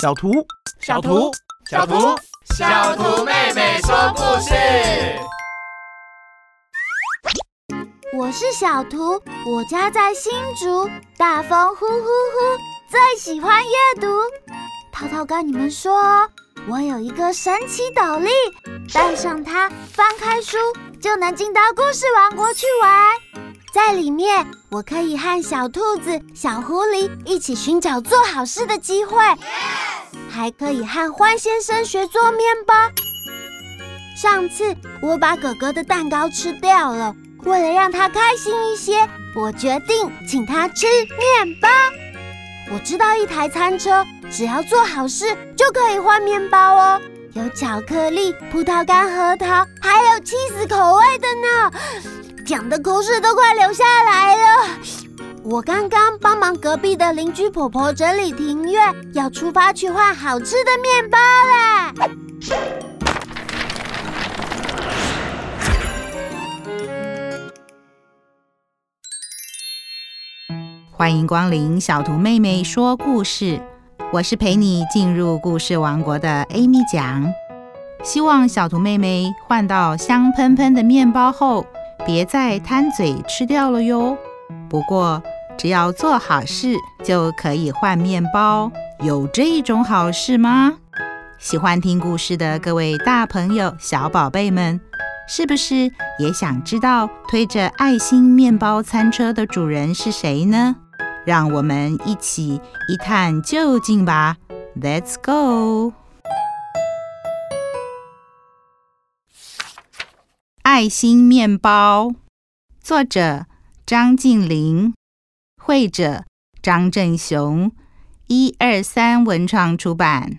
小圖,小圖，小圖，小圖，小圖妹妹說故事。我是小圖，我家在新竹，大風呼呼呼，最喜歡閱讀。濤濤跟你們說哦，我有一個神奇斗笠，戴上它，翻開書就能進到故事王國去玩。在裡面，我可以和小兔子、小狐狸一起尋找做好事的機會，yes! 還可以和獾先生學做面包。上次我把哥哥的蛋糕吃掉了，為了讓他開心一些，我決定請他吃面包。我知道一台餐車，只要做好事就可以換面包哦，有巧克力、葡萄乾、核桃，還有起司口味的呢。講的口水都快流下來了。我剛剛幫忙隔壁的鄰居婆婆整理庭院，要出發去換好吃的麵包了。歡迎光臨小圖妹妹說故事，我是陪你進入故事王國的 Amy 講，希望小圖妹妹換到香噴噴的麵包後，別再貪嘴吃掉了喲！不過只要做好事就可以換麵包，有這一種好事嗎？喜歡聽故事的各位大朋友、小寶貝們，是不是也想知道推着愛心麵包餐車的主人是誰呢？讓我們一起一探究竟吧！Let's go！愛心麵包，作者張晉霖，繪者張正雄，一二三文創出版。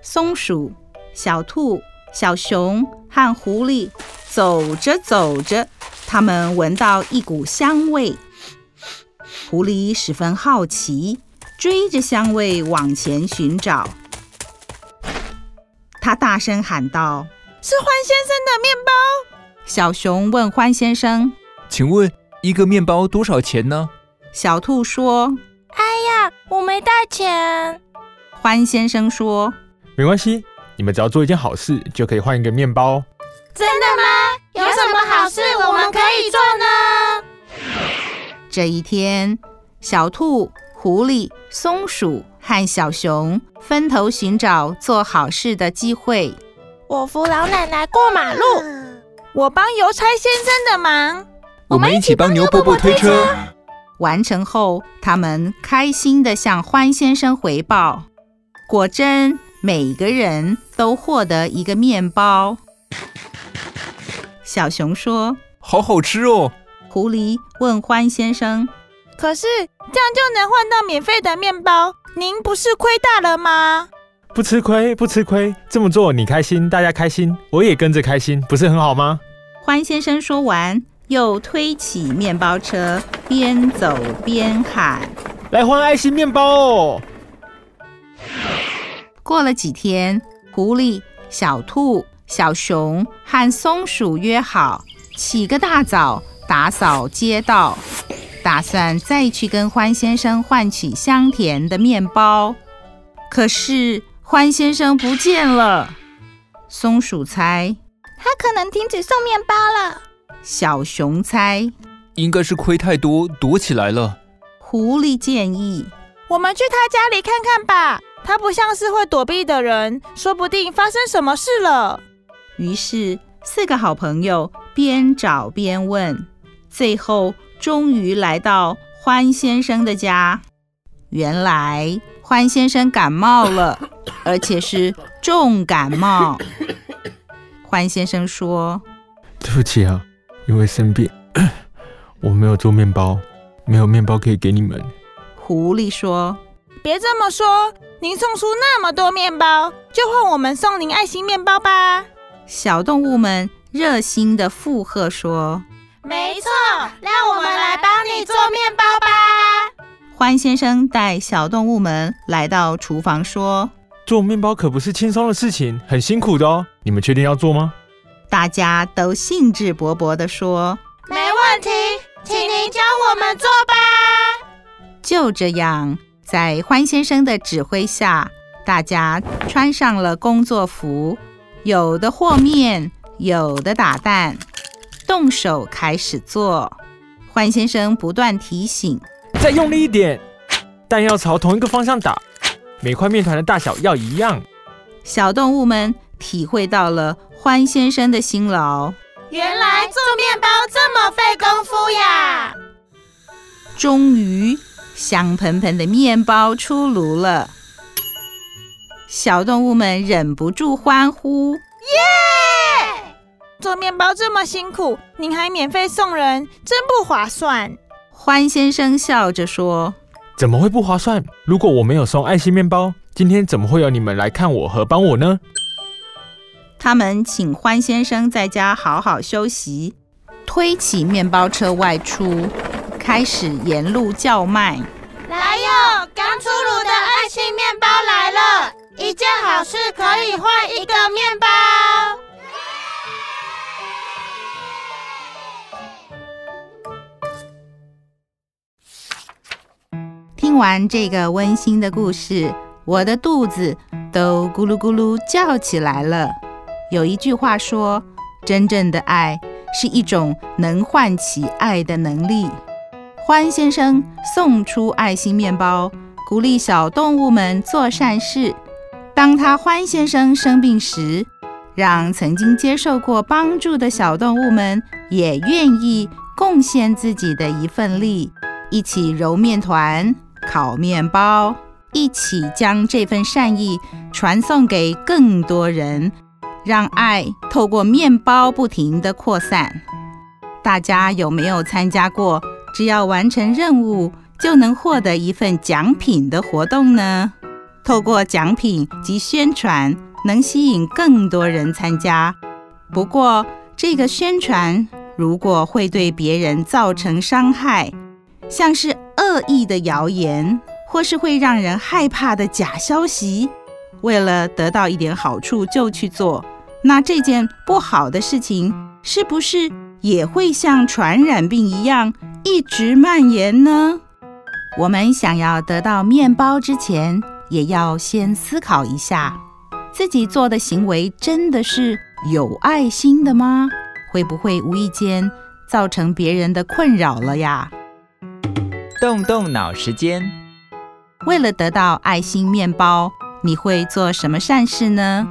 松鼠、小兔、小熊和狐狸走着走着，他們聞到一股香味。狐狸十分好奇，追着香味往前尋找。他大聲喊道：“是獾先生的麵包。”小熊問獾先生：“請問一個麵包多少錢呢？”小兔說：“哎呀，我沒帶錢。”獾先生說：“沒關係，你們只要做一件好事，就可以換一個麵包。”真的嗎？有什麼好事我們可以做呢？這一天，小兔、狐狸、松鼠、和小熊分頭尋找做好事的機會。我扶老奶奶過馬路，嗯，我幫郵差先生的忙，我們一起幫牛伯伯推車。完成後，他們開心的向獾先生回報。果真，每個人都獲得一個麵包。小熊說：“好好吃哦。”狐狸問獾先生：“可是這樣就能換到免費的麵包？”您不是虧大了嗎？不吃虧，不吃虧，這麼做你開心，大家開心，我也跟着開心，不是很好嗎？獾先生說完，又推起麵包車，邊走邊喊：“來換愛心麵包哦！”過了幾天，狐狸、小兔、小熊和松鼠約好，起個大早，打掃街道，打算再去跟獾先生換取香甜的麵包，可是獾先生不見了。松鼠猜，他可能停止送麵包了。小熊猜，應該是虧太多躲起來了。狐狸建議，我們去他家裡看看吧。他不像是會躲避的人，說不定發生什麼事了。於是，四個好朋友邊找邊問。最後，終於來到獾先生的家。原來獾先生感冒了， 而且是重感冒。 獾先生說：“對不起啊，因為生病， 我沒有做麵包，沒有麵包可以給你們。”狐狸說：“別這麼說，您送出那麼多麵包，就換我們送您愛心麵包吧。”小動物們熱心的附和說。沒錯，讓我們來幫你做麵包吧。獾先生帶小動物們來到廚房，說：“做麵包可不是輕鬆的事情，很辛苦的哦。你們確定要做嗎？”大家都興致勃勃地說：“沒問題，請您教我們做吧。”就這樣，在獾先生的指揮下，大家穿上了工作服，有的和麵，有的打蛋。動手開始做，獾先生不斷提醒：“再用力一點，但要朝同一個方向打。每塊麵糰的大小要一樣。”小動物們體會到了獾先生的辛勞，原來做麵包這麼費功夫呀！終於，香噴噴的麵包出爐了，小動物們忍不住歡呼：“耶、Yeah!！” 做麵包這麼辛苦，您還免費送人，真不划算。獾先生笑着說：“怎麼會不划算？如果我沒有送愛心麵包，今天怎麼會有你們來看我和幫我呢？”他們請獾先生在家好好休息，推起麵包車外出，開始沿路叫賣：“來喲，剛出爐的愛心麵包來了！一件好事可以換一個麵包。”聽完這個溫馨的故事，我的肚子都咕嚕咕嚕叫起來了。有一句話說：“真正的愛是一種能喚起愛的能力。”獾先生送出愛心麵包，鼓勵小動物們做善事。當他獾先生生病時，讓曾經接受過幫助的小動物們也願意貢獻自己的一份力，一起揉麵團。烤麵包，一起將這份善意傳送給更多人，讓愛透過麵包不停地擴散。大家有沒有參加過只要完成任務就能獲得一份獎品的活動呢？透過獎品及宣傳，能吸引更多人參加。不過，這個宣傳如果會對別人造成傷害，像是惡意的謠言，或是會讓人害怕的假消息，為了得到一點好處就去做，那這件不好的事情是不是也會像傳染病一樣一直蔓延呢？我們想要得到面包之前，也要先思考一下，自己做的行為真的是有愛心的嗎？會不會無意間造成別人的困擾了呀？動動腦時間。為了得到愛心麵包，你會做什麼善事呢？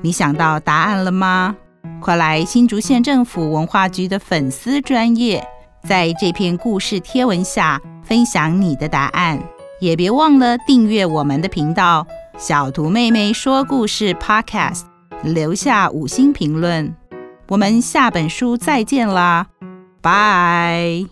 你想到答案了嗎？快來新竹縣政府文化局的粉絲專頁，在這篇故事貼文下分享你的答案，也別忘了訂閱我們的頻道“小圖妹妹說故事 Podcast”，留下五星評論。我們下本書再見啦，拜。